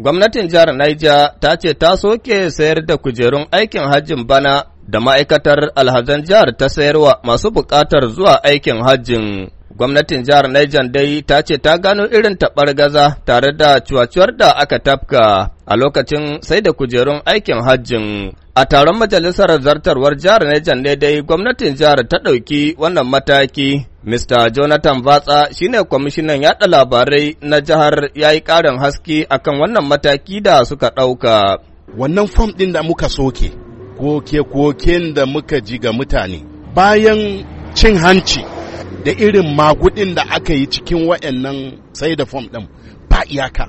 Gwamnatin jihar Niger ta ce ta soke sayar da kujerun aikin hajjin bana da ma'aikatar alhazan jihar ta sayarwa masu bukatar zuwa aikin hajjin. Gwamnatin jihar Niger dai ta ce ta gano irin taɓar gaza tare da cuwacuwar da aka tafka a lokacin sai da kujerun aikin hajjin A taron majalisar zartarwar jihar Niger ne dai gwamnatin jihar ta ɗauki wannan mataki. Mr. Jonathan Vatsa shine kwamishinan yaɗa labarai na jihar ya yi ƙarin haske akan wannan mataki da suka ɗauka. Wannan fom ɗin da muka soke, koke-koken da muka ji ga mutane, bayan cin hanci da irin magudin da aka yi cikin wa'annan sai da fom ɗin ba iyaka.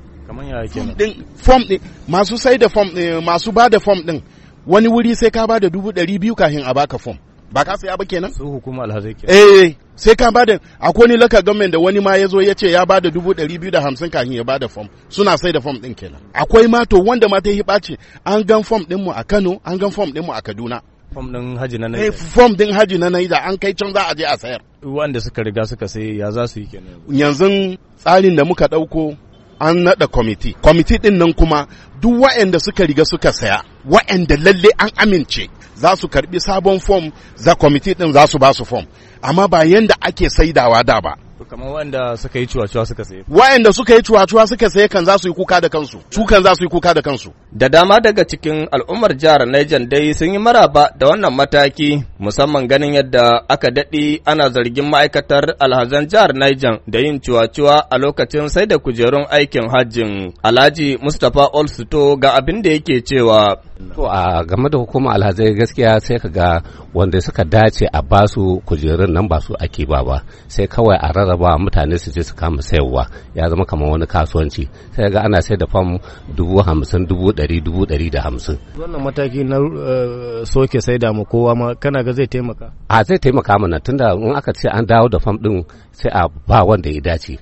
Fom ɗin, masu sai da fom ɗin, masu ba da fom ɗin, wani wuri sai ka bada dubu ɗari biyu kafin a baka fom ba ka saya ba kenan su hukuma alhazai kenan eh, eh sai ka bada akwai ni laka gamen da wani ma ya zo ya ce ya bada dubu ɗari biyu da hamsin kafin ya bada fom suna sai da fom ɗin kenan akwai ma to wanda ma ta yi ɓaci an gan fom ɗinmu a Kano an gan fom ɗinmu a Kaduna fom ɗin haji na naida eh, fom ɗin haji na naida an kai can za a je a sayar wanda suka riga suka sai ya za su yi kenan yanzu tsarin da muka ɗauko an naɗa kwamiti kwamiti ɗin nan kuma duk waɗanda suka riga suka saya waɗanda lalle an amince za su karbi sabon fom za kwamiti ɗin za su ba su fom amma ba yanda ake saidawa da ba kamar wanda suka yi cuwa-cuwa suka saye wa'anda suka yi cuwa-cuwa suka saye kan za su yi kuka da kansu su kan za su yi kuka da kansu da dama daga cikin al'ummar jihar Niger dai sun yi maraba da wannan mataki musamman ganin yadda aka dadi ana zargin ma'aikatar alhazan jihar Niger da yin cuwa-cuwa a lokacin sai da kujerun aikin hajjin Alhaji Mustapha Olsuto ga abin da yake cewa To a game da hukuma alhazai gaskiya sai ka ga wanda suka dace a basu kujerun nan ba su ake ba ba sai kawai a rarraba mutane su je su kama sayarwa ya zama kamar wani kasuwanci sai ga ana sai da fam dubu hamsin dubu dari dubu dari da hamsin. Wannan mataki na eh, soke sai da mu kowa ma kana ga zai taimaka? A zai taimaka mana tunda in aka ce an dawo da fam ɗin sai a ba wanda ya dace.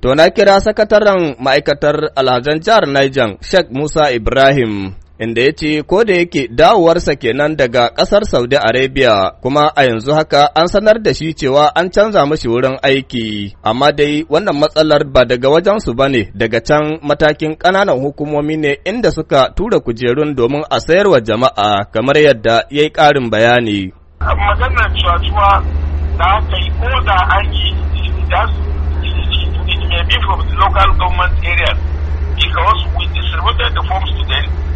To na kira sakataren ma'aikatar alhazan jihar Niger, Sheikh Musa Ibrahim inda ya ce ko da yake dawowarsa kenan daga ƙasar Saudi Arabia kuma a yanzu haka an sanar da shi cewa an canza mashi wurin aiki amma dai wannan matsalar ba daga wajensu ba ne daga can matakin ƙananan hukumomi ne inda suka tura kujerun domin a sayarwa jama'a kamar yadda ya yi ƙarin bayani. local because we distributed the forms to them